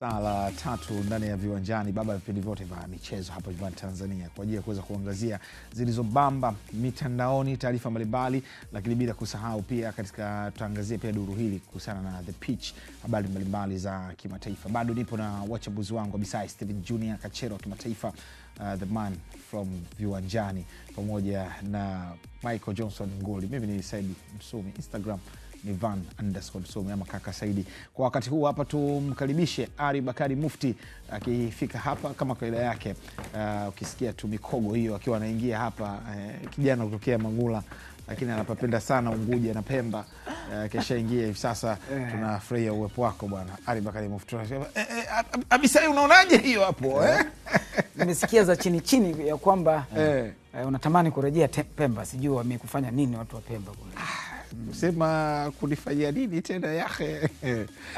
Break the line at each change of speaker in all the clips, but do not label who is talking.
Saa la tatu ndani ya Viwanjani, baba ya vipindi vyote vya michezo hapa nyumbani Tanzania, kwa ajili ya kuweza kuangazia zilizobamba mitandaoni, taarifa mbalimbali, lakini bila kusahau pia katika tutaangazia pia duru hili kuhusiana na the pitch, habari mbalimbali za kimataifa. Bado nipo na wachambuzi wangu Abisai stehen Junior Kachero wa kimataifa, uh, the man from Viwanjani, pamoja na Michael Johnson Ngoli. Mimi ni Saidi Msumi, Instagram ni van underscore some ama kaka Saidi. Kwa wakati huu hapa tumkaribishe Ari Bakari Mufti akifika hapa kama kawaida yake. Uh, ukisikia tu mikogo hiyo akiwa anaingia hapa uh, kijana kutokea Mangula lakini anapapenda sana Unguja na Pemba. Uh, kesha ingia hivi sasa, eh. tunafurahia uwepo wako bwana Ali Bakari Mufti. Eh, eh, Abisai, unaonaje hiyo hapo eh.
eh? Nimesikia za chini chini ya kwamba eh, eh unatamani kurejea Pemba, sijui wamekufanya nini watu wa Pemba kule. Ah,
kusema kunifanyia nini tena yahe?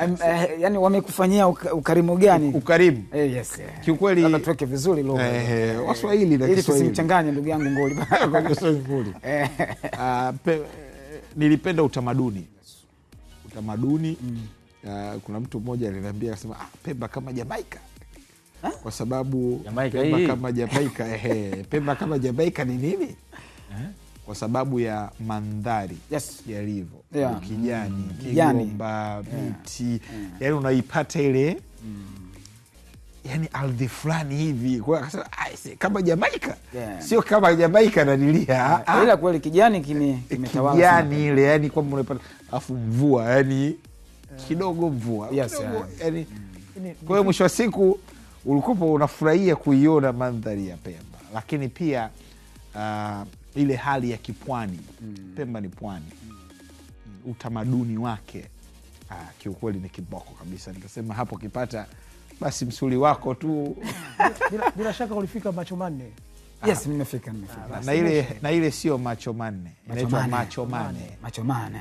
um, uh, yani wamekufanyia ukarimu gani?
Ukarimu eh, yes, eh.
Kiukweli tuweke vizuri lugha eh, eh Waswahili na Kiswahili tusimchanganye ndugu yangu ngoli eh.
Uh, nilipenda utamaduni utamaduni mm. Uh, kuna mtu mmoja aliniambia akasema, ah, Pemba kama Jamaika kwa sababu Jamaika Pemba hii. kama Jamaika ehe, Pemba kama Jamaika ni nini? kwa sababu ya mandhari yes. yalivyo yeah. kijani mm. kigomba miti yeah. yeah. yani unaipata ile mm. yani ardhi fulani hivi kama Jamaika yeah. sio kama
Jamaika nanilia ah. ila kweli kijani kimetawala
kijani ile yani kwamba unaipata alafu mvua yani kidogo mvua yes, kidogo, yeah. yani, mm. kwa hiyo mwisho wa siku ulikupo unafurahia kuiona mandhari ya Pemba, lakini pia uh, ile hali ya kipwani mm. Pemba ni pwani mm. Utamaduni wake ah, kiukweli ni kiboko kabisa. Nikasema hapo kipata basi msuli wako tu
bila, bila shaka ulifika macho manne
Yes, nimefika ah, Na ile na ile sio macho manne Inaitwa macho mane. Macho mane.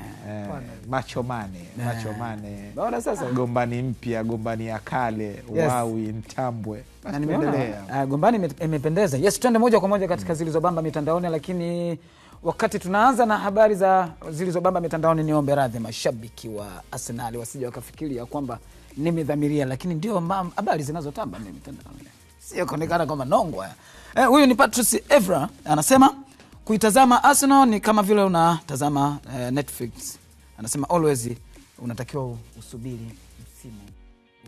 Macho mane. Eh, macho mane. Eh. Naona sasa gombani mpya, gombani ya kale, wawi,
mtambwe. Na nimeendelea. Ah, gombani imependeza. Yes, twende moja kwa moja katika mm. zilizobamba mitandaoni lakini wakati tunaanza na habari za zilizobamba mitandaoni, niombe radhi mashabiki wa Arsenal wasije wakafikiria kwamba nimedhamiria, lakini ndio habari zinazotamba mitandaoni, sio kuonekana kwamba nongwa Eh, huyu ni Patrice Evra anasema kuitazama Arsenal ni kama vile unatazama eh, Netflix. Anasema always unatakiwa usubiri msimu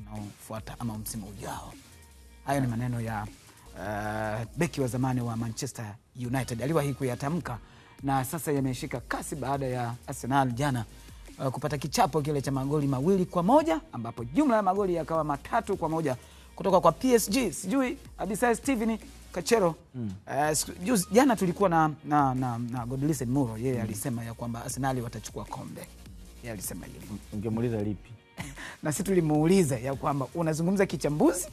unaofuata ama msimu ujao. Hayo ni maneno ya uh, beki wa zamani wa Manchester United aliwahi kuyatamka na sasa yameshika kasi baada ya Arsenal jana uh, kupata kichapo kile cha magoli mawili kwa moja ambapo jumla ya magoli yakawa matatu kwa moja kutoka kwa PSG sijui Abisa Steven Kachero mm. Uh, jana tulikuwa na, na, na, na Godlisten Muro yeye mm. alisema ya kwamba Arsenal watachukua kombe, yeye
alisema hili. Mm, ungemuuliza lipi? na sisi tulimuuliza
ya kwamba unazungumza kichambuzi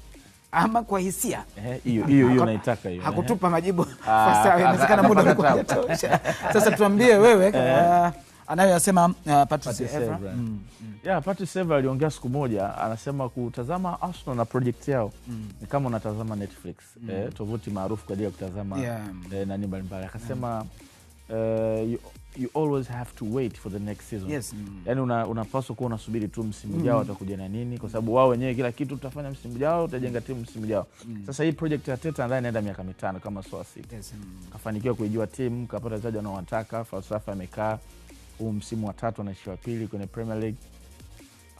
ama kwa hisia eh, hiyo hiyo hiyo naitaka hiyo. Eh. Hakutupa majibu ah, fasaha, inawezekana muda ulikuwa unatosha. Sasa tuambie wewe uh, anayoyasema uh, Patrice
Evra mm, mm. mm. yeah, Patrice Evra aliongea siku moja, anasema kutazama Arsenal na project yao mm. ni mm. kama unatazama Netflix mm. eh, tovuti maarufu kwa ajili ya kutazama yeah. eh, nani mbalimbali akasema yeah. uh, you, you always have to wait for the next season yes. mm. Yani unapaswa una kuwa unasubiri tu msimu mm. ujao mm. atakuja na nini, kwa sababu wao wenyewe kila kitu tutafanya msimu ujao, tutajenga timu msimu ujao mm. Sasa hii project ya Teta ndani inaenda miaka mitano kama soa sita yes. mm. kafanikiwa kuijua timu, kapata wachezaji wanaowataka, falsafa amekaa huu msimu wa tatu wa pili kwenye Premier League,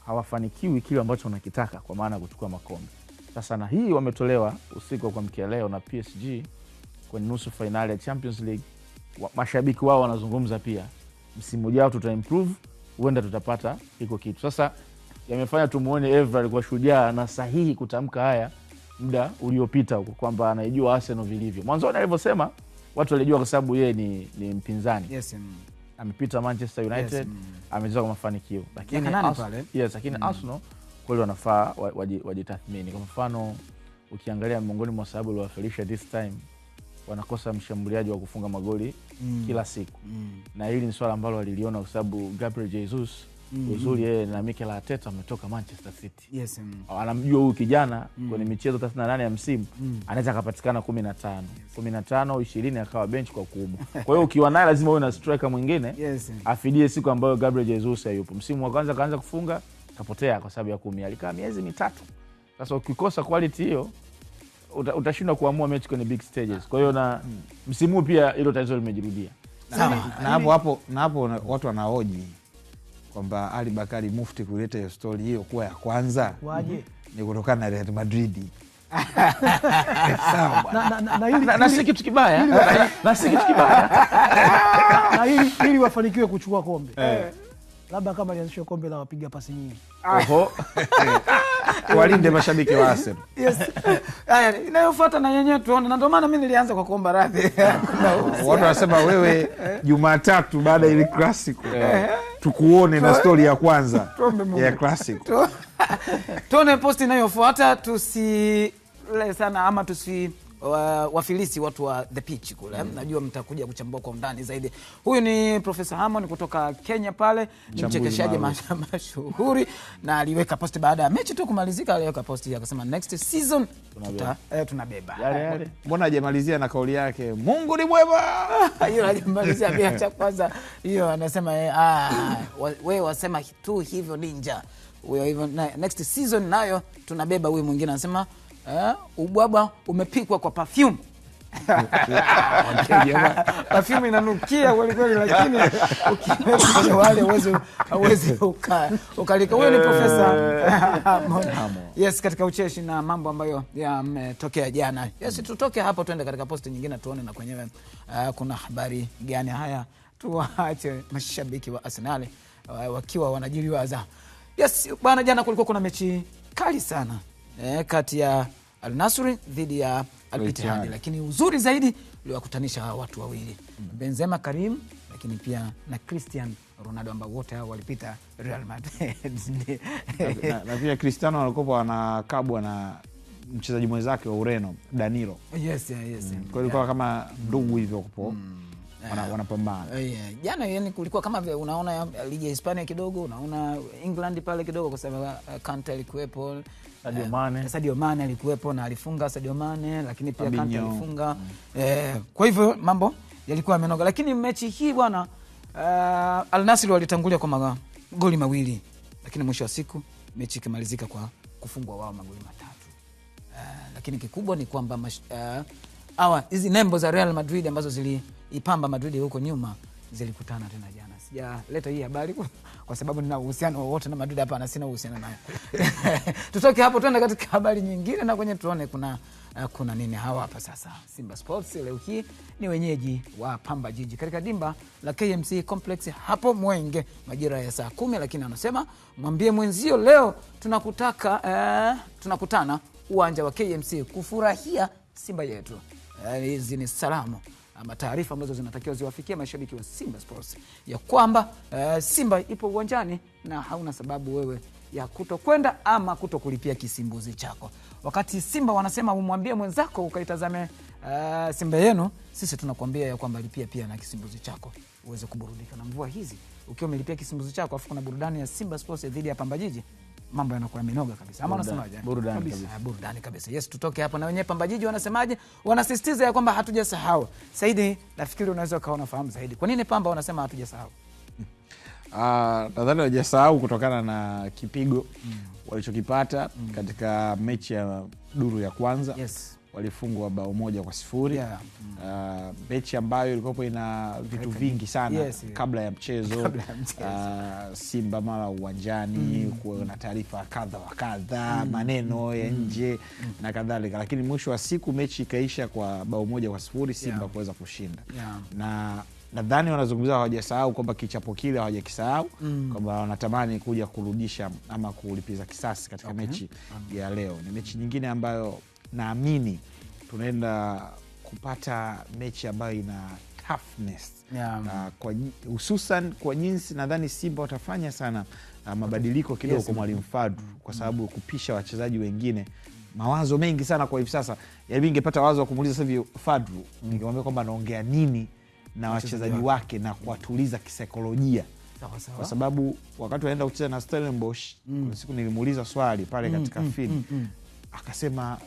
hawafanikiwi kile ambacho wanakitaka, kwa maana ya kuchukua makombe. Sasa na hii wametolewa usiku wa kuamkia leo na PSG kwenye nusu fainali ya Champions League. Mashabiki wao wanazungumza pia, msimu ujao improve, huenda tutapata hiko kitu. Sasa yamefanya tumwone Evra alikuwa shujaa na sahihi kutamka haya muda uliopita huko kwamba anaijua Arsenal vilivyo. Mwanzoni alivyosema watu walijua kwa sababu yeye ni, ni mpinzani yes, mm amepita Manchester United yes, mm. amecheza kwa mafanikio lakini Arsenal, yes, lakini mm. Arsenal kweli wanafaa wajitathmini. Kwa mfano ukiangalia miongoni mwa sababu iliwafirisha this time wanakosa mshambuliaji wa kufunga magoli mm. kila siku mm. na hili ni swala ambalo waliliona kwa sababu Gabriel Jesus Mm-hmm. uzuri yeye na Mikel Arteta ametoka Manchester City yes, mm. anamjua huyu kijana mm. kwenye michezo 38 ya msimu mm. anaweza akapatikana 15 yes. 15 20 akawa bench kwa kubwa Kwa hiyo ukiwa naye lazima uwe na striker mwingine yes, mm. afidie siku ambayo Gabriel Jesus hayupo. Msimu wa kwanza kaanza kufunga kapotea kwa sababu ya kuumia, alikaa miezi mitatu. Sasa ukikosa quality hiyo uta, utashindwa kuamua mechi kwenye big stages. Kwa hiyo na mm. msimu pia hilo tatizo limejirudia na hapo hapo na hapo watu wanaoji kwamba Ali Bakari Mufti kuleta hiyo stori hiyo kuwa ya kwanza Waje. ni kutokana na Real Madrid na si kitu kibaya,
na si kitu kibaya, ili wafanikiwe kuchukua kombe eh. Labda kama lianzishwe kombe la wapiga pasi nyingi, oho
walinde mashabiki wa Arsenal. Yes.
Haya, inayofuata na yenyewe tuone, na ndio maana nilianza kwa kuomba radhi.
Watu wanasema wewe eh. Jumatatu baada ya ile classic eh tukuone na stori ya kwanza ya classic.
Tuone posti inayofuata, tusile sana ama tusi wafilisi watu wa the pitch kule mm. Najua mtakuja kuchambua kwa undani zaidi. Huyu ni Profesa hamon kutoka Kenya pale, ni mchekeshaji mashuhuri na aliweka posti baada ya mechi tu kumalizika, aliweka posti akasema next season tunabeba, eh, Mbona na kauli yake Mungu ni mwema hiyo hajamalizia cha kwanza hiyo, anasema eh, ah, we wasema tu hivyo ninja, next season nayo tunabeba. Huyu mwingine anasema eh, ubwabwa umepikwa kwa perfume perfume inanukia kwelikweli, lakini ukiweka wale uweze ukalika. Huyo ni Profesa eh. Yes, katika ucheshi na mambo ambayo yametokea jana. Yes, tutoke hapo tuende katika posti nyingine, tuone na kwenyewe uh, kuna habari gani. Haya, tuwaache mashabiki wa Arsenali uh, eh, wakiwa wanajuliwaza. Yes bwana, jana kulikuwa kuna mechi kali sana eh, kati ya alnasri dhidi ya alitihadi lakini uzuri zaidi uliwakutanisha hawa watu wawili mm. Benzema Karim, lakini pia na cristian Ronaldo ambao wote hao walipita Real Madrid
na, na pia Cristiano alikopo anakabwa na mchezaji mwenzake wa Ureno Danilo. Yes, yeah, yes, mm. Kwa ilikuwa kama ndugu hivyo kupo mm. Eh, wanapambana eh, jana. Yani kulikuwa kama
vile unaona ligi ya Hispania kidogo, unaona England pale kidogo, kwa sababu uh, uh, Kante alikuwepo, Sadio
Mane, eh, Sadio Mane alikuwepo na alifunga Sadio Mane, lakini
pia Kante alifunga. Kwa hivyo mambo yalikuwa yamenoga, lakini mechi hii bwana, uh, Al Nassr walitangulia kwa magoli mawili, lakini mwisho wa siku mechi ikimalizika kwa kufungwa wao magoli matatu. Lakini kikubwa ni kwamba hawa hizi nembo za Real Madrid ambazo zili ipamba Madrid huko nyuma zilikutana tena jana. Sijaleta hii habari kwa sababu nina uhusiano wowote na Madrid hapa, na sina uhusiano nayo tutoke hapo tuende katika habari nyingine na kwenye tuone kuna eh, kuna nini hawa hapa sasa. Simba Sports leo hii ni wenyeji wa Pamba Jiji katika dimba la KMC Complex hapo Mwenge majira ya saa kumi, lakini anasema mwambie mwenzio leo tunakutaka eh, tunakutana uwanja wa KMC kufurahia Simba yetu. Eh, hizi eh, ni salamu ama taarifa ambazo zinatakiwa ziwafikie mashabiki wa Simba Sports ya kwamba uh, Simba ipo uwanjani na hauna sababu wewe ya kutokwenda ama kutokulipia kisimbuzi chako. Wakati Simba wanasema umwambie mwenzako ukaitazame uh, Simba yenu, sisi tunakuambia ya kwamba lipia pia na kisimbuzi chako uweze kuburudika na mvua hizi. Ukiwa umelipia kisimbuzi chako afu kuna burudani ya Simba Sports dhidi ya Pamba Jiji, mambo yanakuwa minoga kabisa, ama unasemaje? Burudani kabisa, eh, burudani kabisa. Yes, tutoke hapo na wenyewe Pambajiji wanasemaje? Wanasisitiza ya kwamba hatujasahau. Saidi, nafikiri unaweza ukawa unafahamu zaidi, kwa nini Pamba wanasema hatujasahau?
Ah, nadhani uh, wajasahau kutokana na kipigo mm. walichokipata mm. katika mechi ya duru ya kwanza yes walifungwa bao moja kwa sifuri yeah. uh, mechi ambayo ilikuwapo ina vitu vingi sana yes, yeah. kabla ya mchezo, kabla ya mchezo. Uh, Simba mara uwanjani mm. kuwa na taarifa kadha wa kadha mm. maneno ya mm. nje mm. na kadhalika, lakini mwisho wa siku mechi ikaisha kwa bao moja kwa sifuri Simba yeah. kuweza kushinda yeah. na nadhani wanazungumza hawajasahau kwamba kichapo kile hawajakisahau mm. kwamba wanatamani kuja kurudisha ama kulipiza kisasi katika okay. mechi mm. ya leo. Ni mechi nyingine ambayo naamini tunaenda kupata mechi ambayo ina toughness yeah. Uh, hususan kwa jinsi nadhani Simba watafanya sana uh, mabadiliko kidogo yes, kwa mwalimu Fadru kwa sababu mm. kupisha wachezaji wengine mawazo mengi sana kwa hivi sasa. Yani ngepata wazo wa kumuuliza sasa Fadru, ningemwambia kwamba anaongea nini na wachezaji wake na kuwatuliza kisaikolojia kwa sababu wakati wanaenda kucheza na Stellenbosch mm. siku nilimuuliza swali pale mm, katika mm, mm, mm, mm. akasema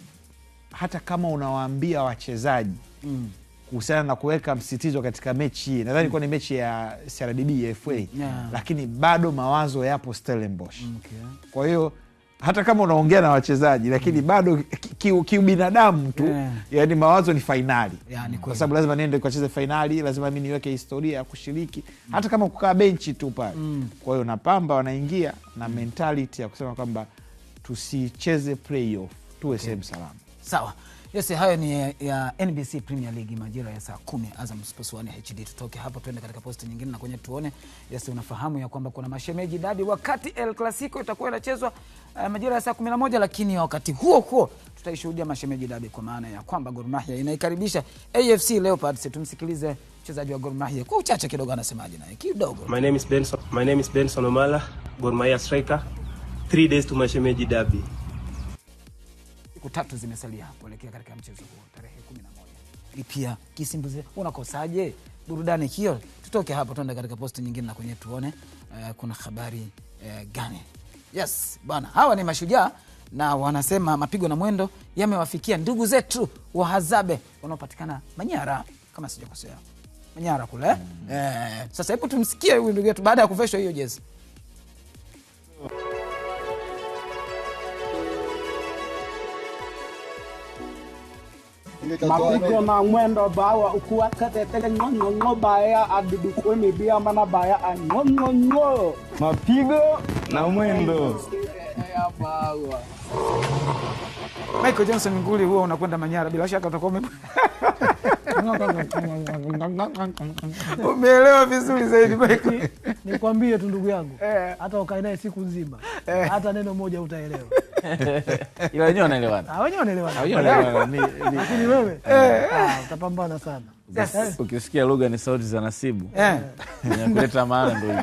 hata kama unawaambia wachezaji mm. kuhusiana na kuweka msitizo katika mechi hii, nadhani mm. ilikuwa mm. ni mechi ya srdb FA mm, yeah. lakini bado mawazo yapo Stellenbosch mm, okay. kwa hiyo hata kama unaongea na wachezaji lakini mm. bado kiubinadamu ki, ki tu yeah. Yani mawazo ni fainali yeah, kwa sababu lazima niende kacheze fainali, lazima mi niweke historia ya kushiriki mm. hata kama kukaa benchi tu pale mm. kwa hiyo napamba wanaingia na mentality ya kusema kwamba tusicheze playoff, tuwe okay. sehemu
salama. Sawa. yose hayo ni ya, NBC Premier League majira ya saa kumi Azam Sports HD. Tutoke hapo tuende katika posti nyingine na kwenye tuone. yose unafahamu ya kwamba kuna mashemeji dabi wakati El Clasico itakuwa inachezwa uh, majira ya saa 11, lakini wakati huo huo tutaishuhudia mashemeji dabi kwa maana ya kwamba gormahia inaikaribisha AFC Leopards. Tumsikilize mchezaji wa gormahia kwa uchache kidogo, anasemaje naye kidogo. My name is Benson, my name is
Benson Omala, gormahia striker. 3 days to mashemeji dabi
siku tatu zimesalia kuelekea katika mchezo huo tarehe 11. Pia kisimbuzi, unakosaje? Burudani hiyo, tutoke hapo tuende katika posti nyingine na kwenye tuone uh, kuna habari uh, gani? Yes bana, hawa ni mashujaa na wanasema mapigo na mwendo yamewafikia ndugu zetu wa Hazabe wanaopatikana Manyara kama sijakosea, Manyara kule eh. mm Eh, sasa hebu tumsikie huyu ndugu yetu baada ya kuveshwa hiyo jezi.
mapiko na mwendo bawa ukuwa katetege ng'ong'ong'o baya adudukwe mibia mana baya ang'ong'ong'o mapigo na mwendo
Michael Johnson nguli huo unakwenda Manyara, bila shaka utakuwa umeelewa vizuri zaidi. Nikwambie tu ndugu yangu, eh. hata ukae naye siku nzima, eh. hata neno moja utaelewa. Ila ah, wenyewe wanaelewana, wenyewe wanaelewana, lakini eh. wewe ah, utapambana sana. Ukisikia lugha ni sauti za nasibu
kuleta maana, ndo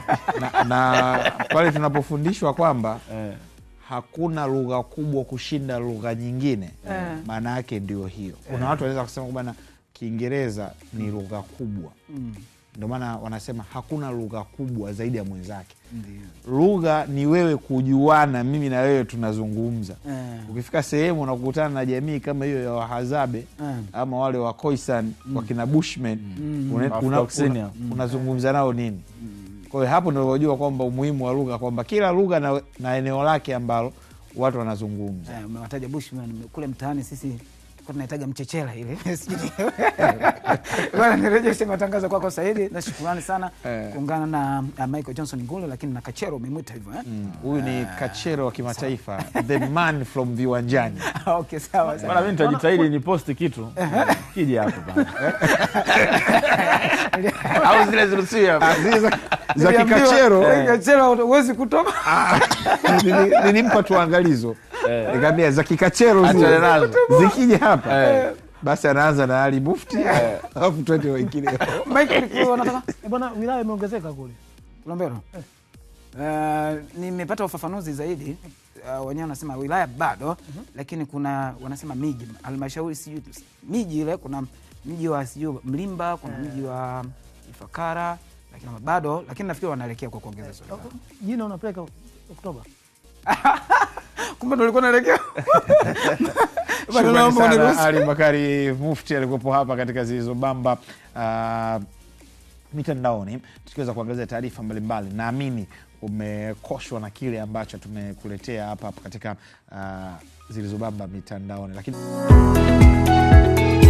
na pale tunapofundishwa kwamba hakuna lugha kubwa kushinda lugha nyingine mm. maana yake ndio hiyo. Eh. Kuna watu wanaweza kusema kwamba Kiingereza ni lugha kubwa mm. Ndio maana wanasema hakuna lugha kubwa zaidi ya mwenzake. Lugha ni wewe kujuana, mimi na wewe tunazungumza mm. Ukifika sehemu unakutana na jamii kama hiyo ya Wahazabe mm. ama wale wa koisan mm. wakina Bushmen mm. unazungumza una, una, una nao nini mm kwahiyo hapo nilipojua kwamba umuhimu wa lugha kwamba kila lugha na, na eneo lake ambalo watu wanazungumza. Eh, umewataja bush kule mtaani
sisi tunahitaji mchechela ile bwana. Nirejeshe matangazo kwako Saidi, na shukrani sana eh. kuungana na Michael Johnson Ngulu, lakini na Kachero umemwita hivyo eh? Mm. Huyu ni ah, Kachero wa
kimataifa, the man from viwanjani. Ah, okay, sawa sawa. Mimi nitajitahidi ni post kitu eh. kije hapo bana, au zile zilizosia zirusia ah, za kikachero, huwezi kutoka. Nilimpa tuangalizo Eh. nikamwambia za kikachero zikija hapa eh. basi anaanza na Ali Mufti eh. alafu twende wengine.
Bwana, wilaya imeongezeka kule Lombero. Uh, nimepata ufafanuzi zaidi uh, wenyewe wanasema wilaya bado mm -hmm. Lakini kuna wanasema miji halmashauri sijui miji ile, kuna mji wa sijui Mlimba, kuna uh -huh. mji wa Ifakara lakini bado, lakini nafikiri wanaelekea kwa kuongeza jina. Unapeleka Oktoba kumbe ndo ulikuwa unaelekea.
Ali Bakari Mufti alikuwepo hapa katika Zilizobamba uh, ah, mitandaoni tukiweza kuangazia taarifa mbalimbali. Naamini umekoshwa na kile ambacho tumekuletea hapa hapa katika uh, ah, Zilizobamba mitandaoni, lakini